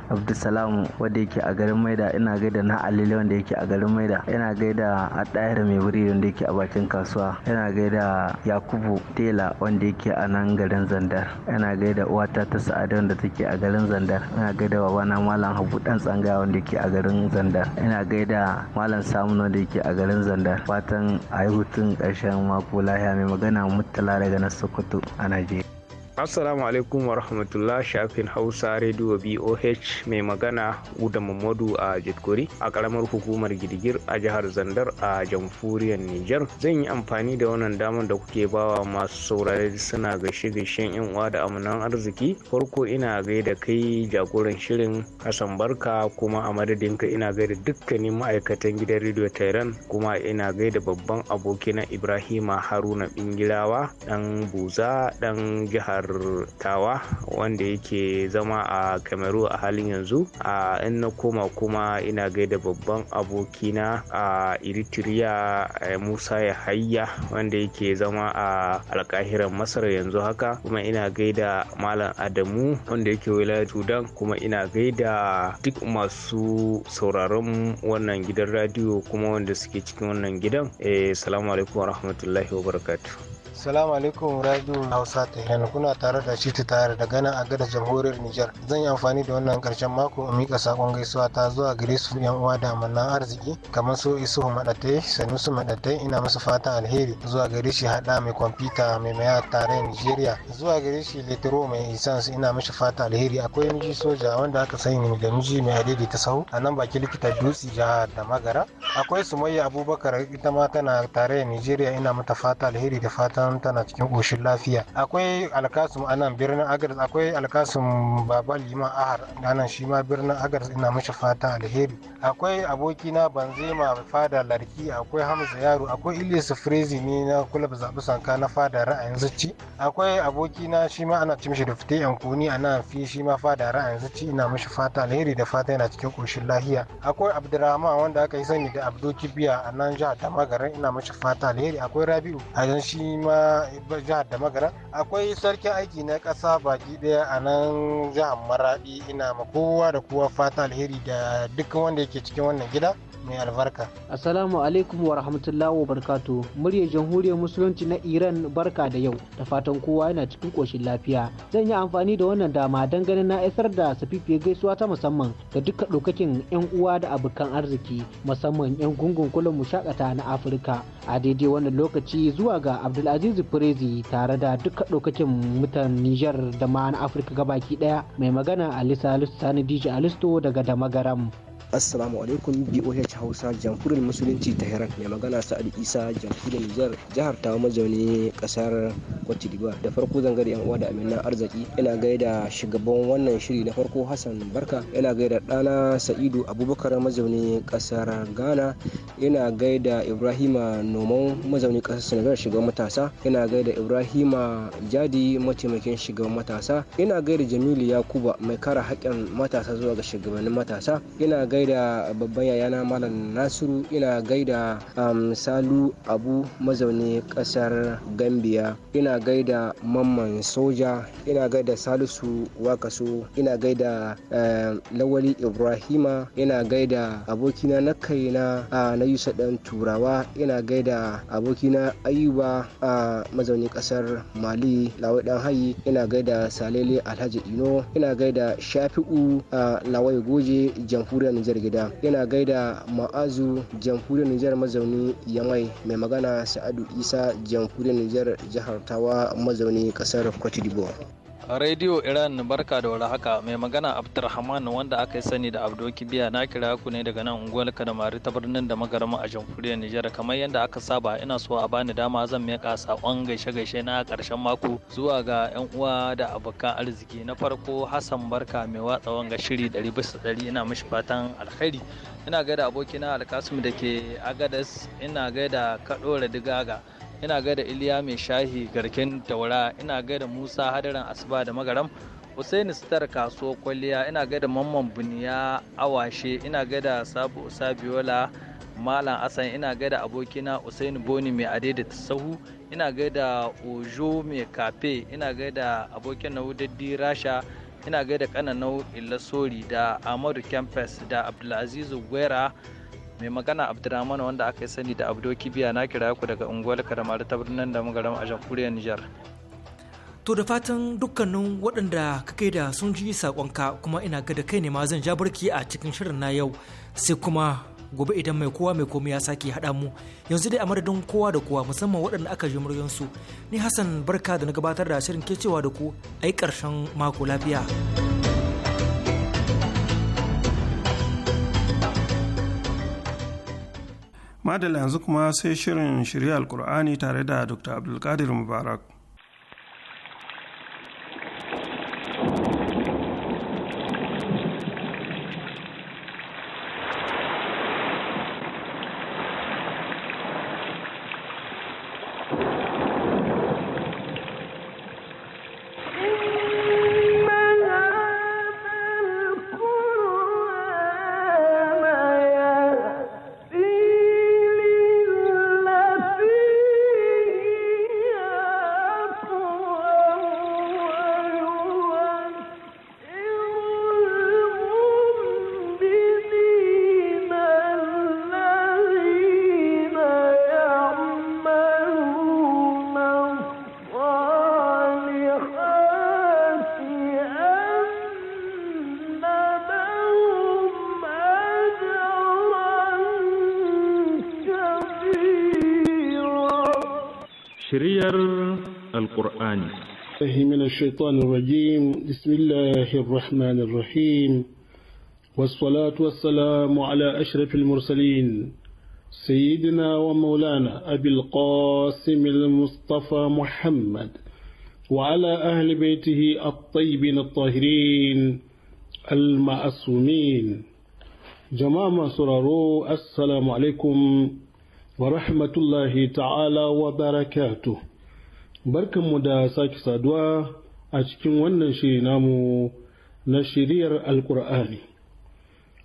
[SPEAKER 10] abdulsalam wanda yake a garin maida ina gaida na alile wanda yake a garin maida ina gaida adahir mai wuri wanda yake a bakin kasuwa ina gaida yakubu tela wanda yake a nan garin zandar ina gaida uwata ta sa'ada wanda take a garin zandar ina gaida babana malam habu dan tsanga wanda ke a garin zandar ina gaida malam samun wanda ke a garin zandar fatan a yi hutun karshen mako lahiya mai magana mutala daga na sokoto a najeriya
[SPEAKER 9] Assalamu alaikum wa rahmatullah shafin Hausa Radio BOH mai magana Uda Mamadu a Jitkuri a karamar hukumar Gidigir a jihar Zandar a jamhuriyar Nijar. Zan yi amfani da wannan damar da kuke bawa masu saurare suna gaishe gaishen yan uwa da amanan arziki. Farko ina gaida kai jagoran shirin Hassan Barka kuma a madadinka ina gaida dukkanin ma'aikatan gidan Radio Tehran kuma ina gaida babban abokina Ibrahima Haruna Bingilawa dan Buza dan jihar tawa wanda yake zama a kamaru a halin yanzu a in na koma kuma ina gaida babban abokina a eritrea eh, musa ya hayya wanda yake zama a alkahiran masar yanzu haka kuma ina gaida malam adamu wanda yake wilayar sudan kuma ina gaida duk masu sauraron wannan gidan radiyo kuma wanda suke cikin wannan gidan eh salamu alaikum wa rahmatullahi wa barakatuh
[SPEAKER 6] Salamu alaikum radio Hausa ta yana kuna tare da shi ta tare da gana a gada jamhuriyar Nijar. Zan yi amfani da wannan karshen mako in mika sakon gaisuwa ta zuwa gare su yan uwa da manna arziki kamar su isu madatai su madatai ina musu fata alheri zuwa gare shi hada mai kwamfuta mai maya tare Nijeriya zuwa gare shi litiro mai isans ina mishi fata alheri akwai miji soja wanda aka sani da miji mai adadi ta sahu a nan baki likita dutse jihar da magara akwai sumayya abubakar ita ma tana tare Nijeriya ina mata fata alheri da fatan nan tana cikin ƙoshin lafiya akwai alkasum a birnin agars akwai alkasum baba liman ahar nan shi ma birnin agars ina mashi fata alheri akwai abokina banzema fada larki akwai hamza yaro akwai ilyas frezi ne na kulab zaɓi sanka na fada ra'ayin zuci akwai abokina shi ma ana cin shi da fite yankuni a nan fi shi ma fada ra'ayin zuci ina mashi fata alheri da fata yana cikin ƙoshin lafiya akwai abdurrahman wanda aka yi sani da abdo kibiya a nan jihar magara ina mashi fata alheri akwai rabi'u a shi ma jihar da magara akwai sarkin aiki na ƙasa baki ɗaya a nan jihar maraɗi ina ma kowa da kowa fata alheri da dukkan wanda yake cikin wannan gida mai albarka. Assalamu alaikum wa rahmatullahi wa barkatu. Muryar Jamhuriyar Musulunci na Iran barka da yau. Da fatan kowa yana cikin koshin
[SPEAKER 10] lafiya. Zan yi amfani da wannan dama don ganin na isar da safifiyar gaisuwa ta musamman ga duka ɗaukakin 'yan uwa da abokan arziki musamman 'yan gungun mu shakata na Afirka.
[SPEAKER 11] A daidai wannan lokaci zuwa ga Abdulaziz Firezi tare da duka ɗaukakin mutan Nijar da ma na Afirka gabaki ɗaya mai magana Alisa Alisu Sani Dije Alisto daga Damagaram. assalamu alaikum boh hausa jamhuriyar musulunci tehran mai magana sa'ad isa jamhuriyar nijar jihar ta mazauni kasar cote d'ivoire da farko zan gaida yan uwa da amina arziki ina gaida shugaban wannan shiri na farko hassan barka ina gaida ɗana sa'idu abubakar mazauni kasar ghana ina gaida ibrahima noman mazauni kasar senegal shugaban matasa ina gaida ibrahima jadi mataimakin shugaban matasa ina gaida jamilu yakuba mai kara haƙƙin matasa zuwa ga shugabannin matasa ina gaida gaida babban yayana malam nasiru ina gaida um, salu abu mazauni kasar gambia ina gaida mamman soja ina gaida salisu wakaso ina gaida uh, lawali ibrahima ina gaida abokina na kaina uh, na yusa dan turawa ina gaida abokina ayuba a uh, mazauni kasar mali lawai dan hayi ina gaida salele alhaji ino ina gaida shafi'u uh, lawai goje jamhuriyar Nijar gida yana gaida ma'azu jamhuriyar Nijar mazauni Yamai mai magana Sa'adu Isa jamhuriyar Nijar jihar Tawa mazauni kasar Cote
[SPEAKER 12] Radio Iran barka da haka mai magana Abdulrahman wanda aka yi sani da Abdo Kibiya na kira ku ne daga nan unguwar Kadamari ta birnin da magarama a jamhuriyar Nijar kamar yadda aka saba ina so a bani dama zan mika sakon gaishe gaishe na karshen mako zuwa ga yan uwa da abokan arziki na farko Hassan Barka mai watsa wanga shiri 100 bisa dari ina mishi fatan alkhairi ina gaida abokina Alkasim da ke Agadas ina gaida Kadore Digaga ina gaida iliya mai shahi garken daura ina gaida musa hadarin asuba da magaram Hussaini star kasuwar kwalliya ina gaida mamman buniya awashe ina gaida sabu sabiola malam asan ina gaida abokina usaini boni mai da sahu ina gaida ojo mai kafe ina gaida abokin na wudaddi rasha ina gaida kananau illa sori da amadu kempes da abdulaziz gwera mai magana abdulrahman wanda aka yi sani da abdo kibiya na kira ku daga unguwar karamar ta birnin da mugaram a jamhuriyar nijar
[SPEAKER 5] to da fatan dukkanin waɗanda kake da sun ji saƙonka kuma ina ga da kai ne ma zan ja barki a cikin shirin na yau sai kuma gobe idan mai kowa mai komai ya sake haɗa mu yanzu dai a madadin kowa da kowa musamman waɗanda aka ji muryansu ni hassan barka da na gabatar da shirin ke cewa da ku yi ƙarshen mako lafiya.
[SPEAKER 2] madalla yanzu kuma sai shirin shirya alkur'ani tare da dr abdulkadir mubarak
[SPEAKER 13] شرير
[SPEAKER 14] القرآن
[SPEAKER 13] من الشيطان الرجيم بسم الله الرحمن الرحيم والصلاة والسلام على أشرف المرسلين سيدنا ومولانا أبي القاسم المصطفى محمد وعلى أهل بيته الطيبين الطاهرين المعصومين جماعة سرارو السلام عليكم wa rahmatullahi ta'ala wa barakatu, barkanmu da sake saduwa a cikin wannan shiri namu na shiriyar alkur'ani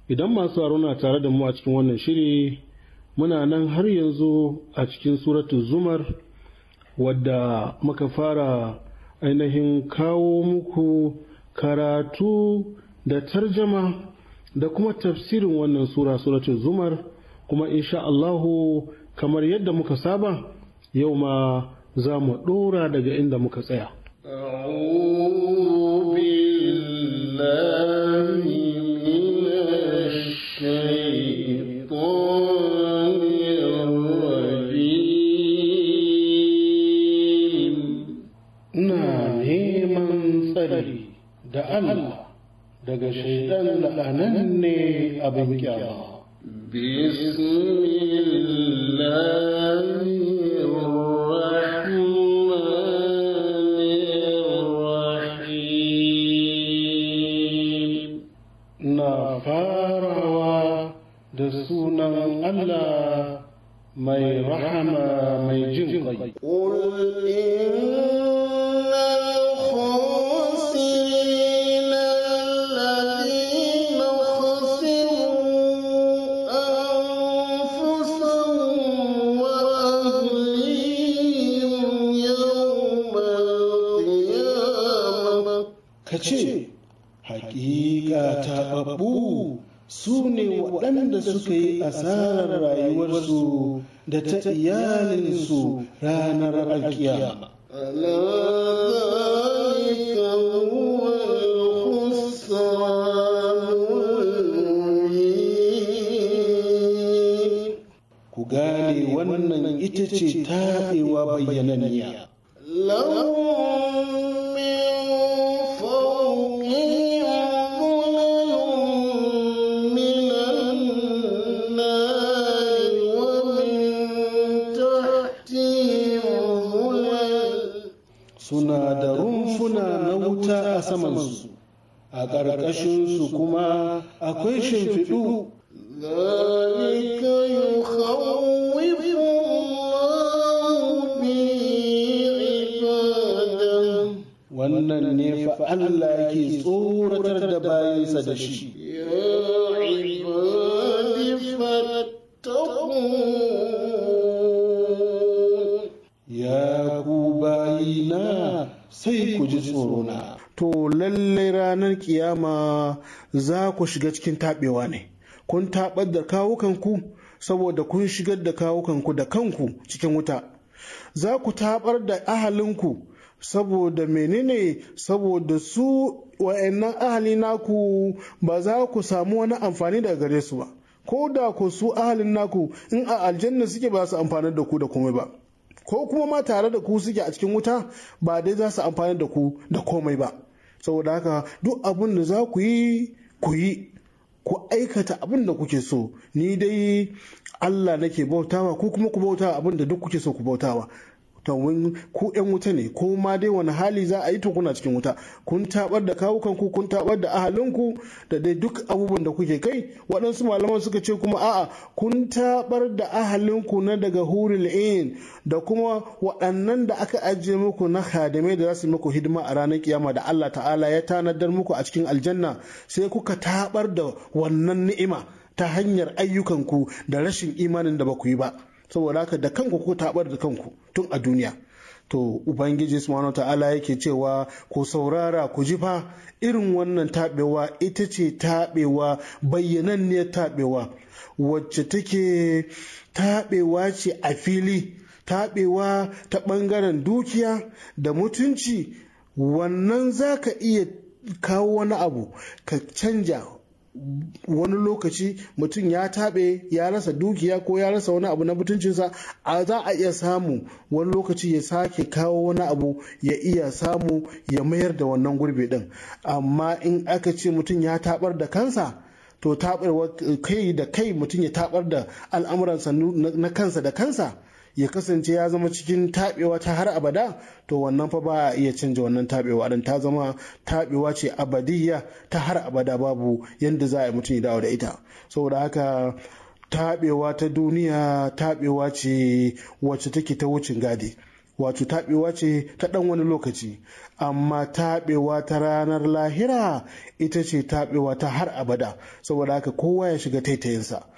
[SPEAKER 13] idan masu na tare da mu a cikin wannan shiri muna nan har yanzu a cikin suratu zumar wadda muka fara ainihin kawo muku karatu da tarjama da kuma tafsirin wannan sura suratun zumar kuma insha Allahu kamar yadda muka saba yau ma za mu ɗora daga inda muka tsaya. Ina neman tsari da Allah daga shaidan la'ananne abin kyama. Bismillah. da sunan Allah mai rahama
[SPEAKER 1] mai jin ƙai.
[SPEAKER 15] suka yi asarar rayuwarsu da ta iyalinsu ranar alkiyama. ku shiga cikin taɓewa ne kun taɓar da kawukanku saboda kun shigar da kawukanku da kanku cikin wuta za ku taɓar da ahalinku saboda menene saboda su wa'annan ahali naku ba za ku samu wani amfani daga gare su ba ko da ku su ahalin naku in a aljanna suke ba su amfani da ku da komai ba ko kuma ma tare da ku suke a cikin wuta ba dai za su amfani da ku da komai ba saboda haka duk abin da za ku yi ku yi ku aikata abin da kuke so ni dai Allah nake bautawa ko kuma ku bautawa abin da duk kuke so ku bautawa domin ku yan wuta ne ko ma dai wani hali za a yi to kuna cikin wuta kun taɓar da kawukan ku kun tabar da ahalinku da dai duk abubuwan da kuke kai waɗansu malaman suka ce kuma a'a kun taɓar da ahalinku na daga huril in da kuma waɗannan da aka ajiye muku na hadimai da za su muku hidima a ranar kiyama da Allah ta'ala ya tanadar muku a cikin aljanna sai kuka taɓar da wannan ni'ima ta hanyar ayyukanku da rashin imanin da ba ku yi ba saboda haka da kanku ko tabar da kanku tun a duniya to ubangiji subhanahu ta'ala yake cewa ku saurara ku ji fa irin wannan tabewa ita ce tabewa bayyananniyar tabewa wacce take tabewa ce a fili tabewa ta bangaren dukiya da mutunci wannan za ka iya kawo wani abu ka canja wani lokaci mutum ya taɓe ya rasa dukiya ko ya rasa wani abu na mutuncinsa a za a iya samu wani lokaci ya sake kawo wani abu ya iya samu ya mayar da wannan gurbi ɗin amma in aka ce mutum ya taɓar da kansa to taɓar kai da kai mutum ya taɓar da al'amuransa na kansa da kansa ya kasance ya zama cikin taɓewa ta har abada to wannan fa ba a iya canja wannan taɓewa don ta zama taɓewa ce abadiyya ta har abada babu yadda za a yi mutum dawo da ita saboda haka taɓewa ta duniya taɓewa ce wacce take ta wucin gadi wato taɓewa ce ta ɗan wani lokaci amma taɓewa ta ranar lahira ita ce taɓewa ta har abada saboda haka kowa ya shiga taitayinsa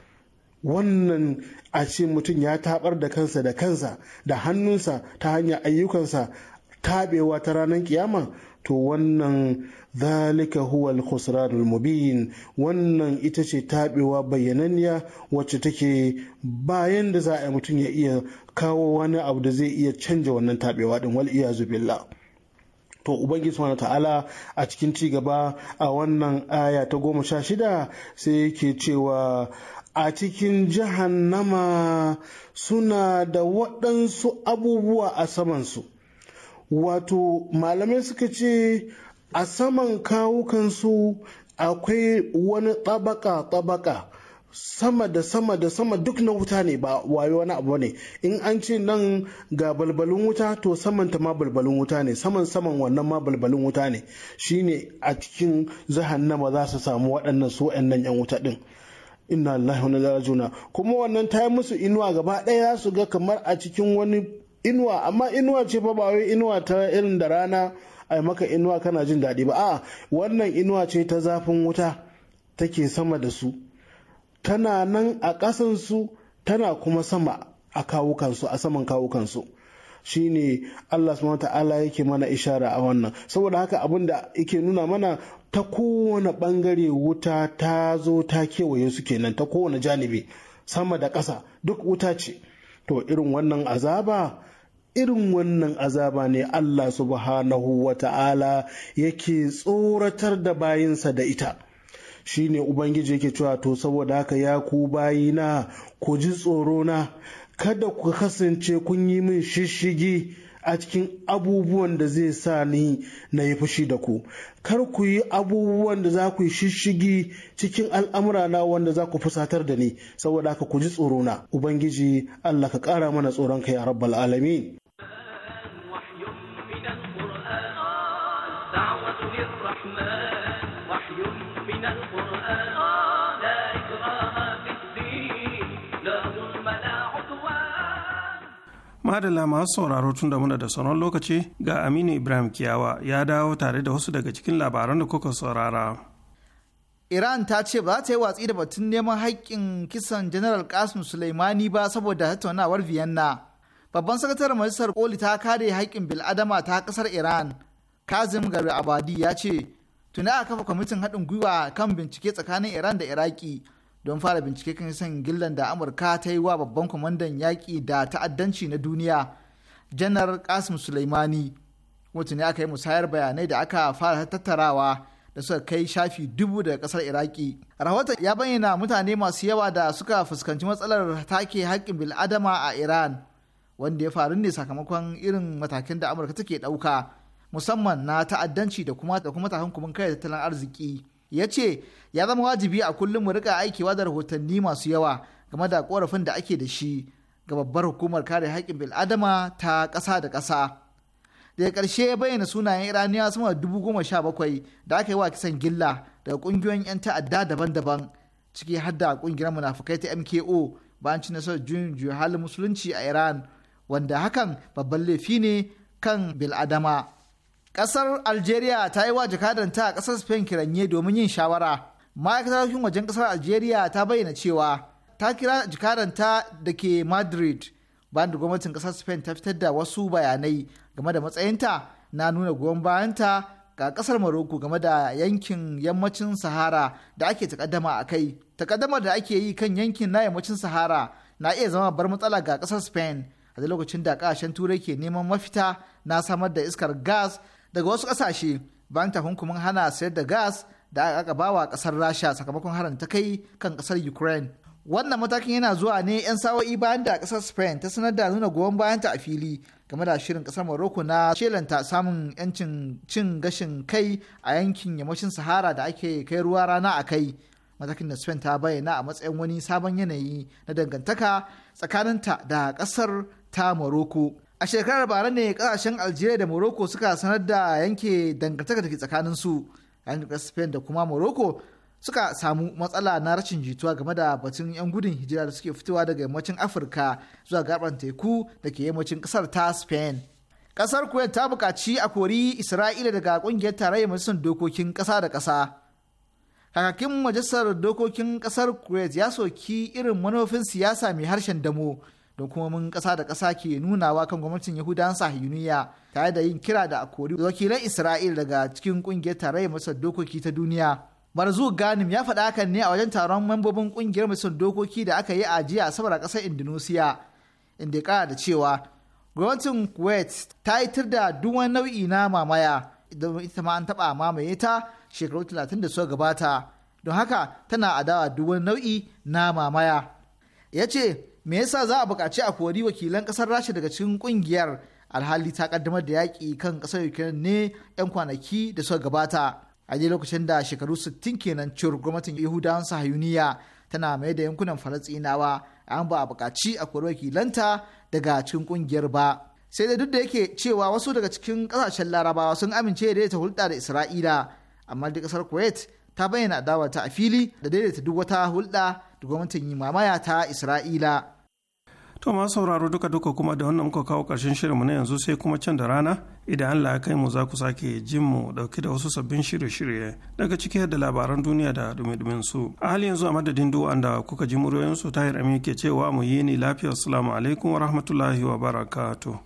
[SPEAKER 15] wannan a ce mutum ya tabar da kansa da kansa da hannunsa ta hanyar ayyukansa tabewa ta ranar kiyama to wannan zalika huwa al mubin wannan ita ce tabewa bayyananniya wacce take bayan da za a mutum ya iya kawo wani abu da zai iya canja wannan tabewa din wal iyazu billah to ubangi subhanahu ta'ala a cikin ci gaba a wannan aya ta goma sha shida sai yake cewa a cikin jahannama suna da waɗansu abubuwa a samansu wato malamai suka ce a saman kawukansu akwai wani tabaka-tabaka sama da sama da sama duk na wuta ne ba wayo wani abu ne in an ce nan ga balbalin wuta to samanta ma balbalin wuta ne saman saman wannan ma balbalin wuta ne shine a cikin zahannama za su samu waɗannan su yan nan yan wuta ɗin inna Allah wani rajuna kuma wannan ta yi musu inuwa gaba ɗaya za su ga kamar a cikin wani inuwa amma inuwa ce fa ba wai inuwa ta irin da rana ai maka inuwa kana jin daɗi ba a wannan inuwa ce ta zafin wuta take sama da su tana nan a ƙasan su tana kuma sama a kawukansu a saman kawukansu shine Allah subhanahu ta'ala yake mana ishara a wannan saboda haka abin da yake nuna mana ta kowane ɓangare wuta ta zo ta kewaye su kenan ta kowane janibi sama da ƙasa duk wuta ce to irin wannan azaba irin wannan azaba ne Allah subhanahu wa ta'ala yake tsoratar da bayinsa da ita shi ne Ubangiji yake cewa to saboda haka ya ku bayina ku ji tsoro na kada ku kasance kun yi min shishigi a cikin abubuwan da zai sa ni na yi fushi da ku kar ku yi abubuwan da za ku yi shishigi cikin al'amura na wanda za ku fusatar da ni saboda haka ku ji tsoro na ubangiji Allah ka ƙara mana tsoron kai ya rabbal alamin
[SPEAKER 2] madalla masu sauraro tun da muna da sauran lokaci ga aminu ibrahim kiyawa ya dawo tare da wasu daga cikin labaran da kuka saurara
[SPEAKER 3] iran ta ce ba za ta yi watsi da batun neman haƙƙin kisan general kasim suleimani ba saboda tattaunawar vienna babban sakataren majalisar koli ta kare haƙƙin bil'adama ta ƙasar iran kazim garbe abadi ya ce tuni a kafa kwamitin haɗin gwiwa kan bincike tsakanin iran da iraki don fara bincike kan san gillan da amurka ta yi wa babban kwamandan yaƙi da ta'addanci na duniya janar kasim suleimani wacce ne aka yi musayar bayanai da aka fara tattarawa da suka kai shafi dubu daga kasar iraki rahoton ya bayyana mutane masu yawa da suka fuskanci matsalar take haƙƙin bil'adama a iran wanda ya faru ne sakamakon irin matakin da amurka take ɗauka musamman na ta'addanci da kuma da kuma kai tattalin arziki ya ce ya zama wajibi a kullum mu rika aikewa da rahotanni masu yawa game da korafin da ake da shi ga babbar hukumar kare haƙƙin bil'adama ta ƙasa da ƙasa daga ƙarshe ya bayyana sunayen iraniya sama dubu goma sha bakwai da aka yi wa kisan gilla daga ƙungiyoyin 'yan ta'adda daban-daban ciki har da ƙungiyar munafukai ta mko bayan ci nasarar juyin halin musulunci a iran wanda hakan babban laifi ne kan bil'adama kasar Algeria ta yi wa jakadanta a kasar Spain kiranye domin yin shawara. Ma'aikatar harkokin wajen kasar Algeria ta bayyana cewa ta kira jakadanta da ke Madrid bayan da gwamnatin kasar Spain ta fitar da wasu bayanai game da matsayinta na nuna goyon bayanta ga kasar Morocco game da yankin yammacin Sahara da ake takaddama a kai. Takaddamar da ake yi kan yankin na yammacin Sahara na iya zama bar matsala ga kasar Spain a lokacin da kasashen Turai ke neman mafita na samar da iskar gas daga wasu ƙasashe bayan takunkumin hana sayar da gas da aka gaba wa ƙasar rasha sakamakon harin ta kai kan ƙasar ukraine wannan matakin yana zuwa ne 'yan sawa'i bayan da ƙasar spain ta sanar da nuna goyon bayanta a fili game da shirin ƙasar morocco na shelanta samun 'yancin cin gashin kai a yankin yammacin sahara da ake kai ruwa rana a kai matakin da Spain ta bayyana a matsayin wani sabon yanayi na dangantaka tsakaninta da ƙasar ta Morocco. a shekarar bara ne kasashen algeria da morocco suka sanar da yanke dangantaka da ke tsakanin su yankin spain da kuma morocco suka samu matsala na rashin jituwa game da batun yan gudun hijira da suke fitowa daga yammacin afirka zuwa gaban teku da ke yammacin kasar ta spain kasar kuwait ta bukaci a kori isra'ila daga ƙungiyar tarayyar majalisar dokokin kasa da kasa kakakin majalisar dokokin kasar kuwait ya soki irin manufofin siyasa mai harshen damo kuma mun kasa da kasa ke nunawa kan gwamnatin yahudan sahiyuniya tare da yin kira da akori wakilan isra'il daga cikin ƙungiyar tarayyar masar dokoki ta duniya marzu ganim ya faɗa hakan ne a wajen taron mambobin ƙungiyar masar dokoki da aka yi a jiya asabar a kasar indonesia inda ya ƙara da cewa gwamnatin kuwait ta yi da duk nau'i na mamaya idan ita ma an taɓa mamaye ta shekaru talatin da suka gabata don haka tana adawa duk nau'i na mamaya ya ce me yasa za a buƙaci a kori wakilan ƙasar rasha daga cikin ƙungiyar alhali ta kaddamar da yaƙi kan ƙasar ukraine ne 'yan kwanaki da suka gabata a dai lokacin da shekaru 60 kenan cewar gwamnatin yahudawan sahayuniya tana mai da yankunan falastinawa an ba a buƙaci a kori wakilanta daga cikin ƙungiyar ba sai da duk da yake cewa wasu daga cikin ƙasashen larabawa sun amince da ta hulɗa da isra'ila amma duk ƙasar kuwait ta bayyana ta a fili da daidaita duk wata hulɗa da gwamnatin mamaya ta isra'ila To ma sauraro duka duka kuma da wannan
[SPEAKER 2] muka kawo ƙarshen shirinmu na yanzu sai kuma can da rana idan Allah ya kai mu za ku sake jin mu dauke da wasu sabbin shirye-shirye daga ciki da labaran duniya da dumi-dumin su. A hali yanzu a madadin duwa da kuka ji muryoyin su tahir amin ke cewa mu yi ni lafiyar assalamu alaikum wa rahmatullahi wa barakatu.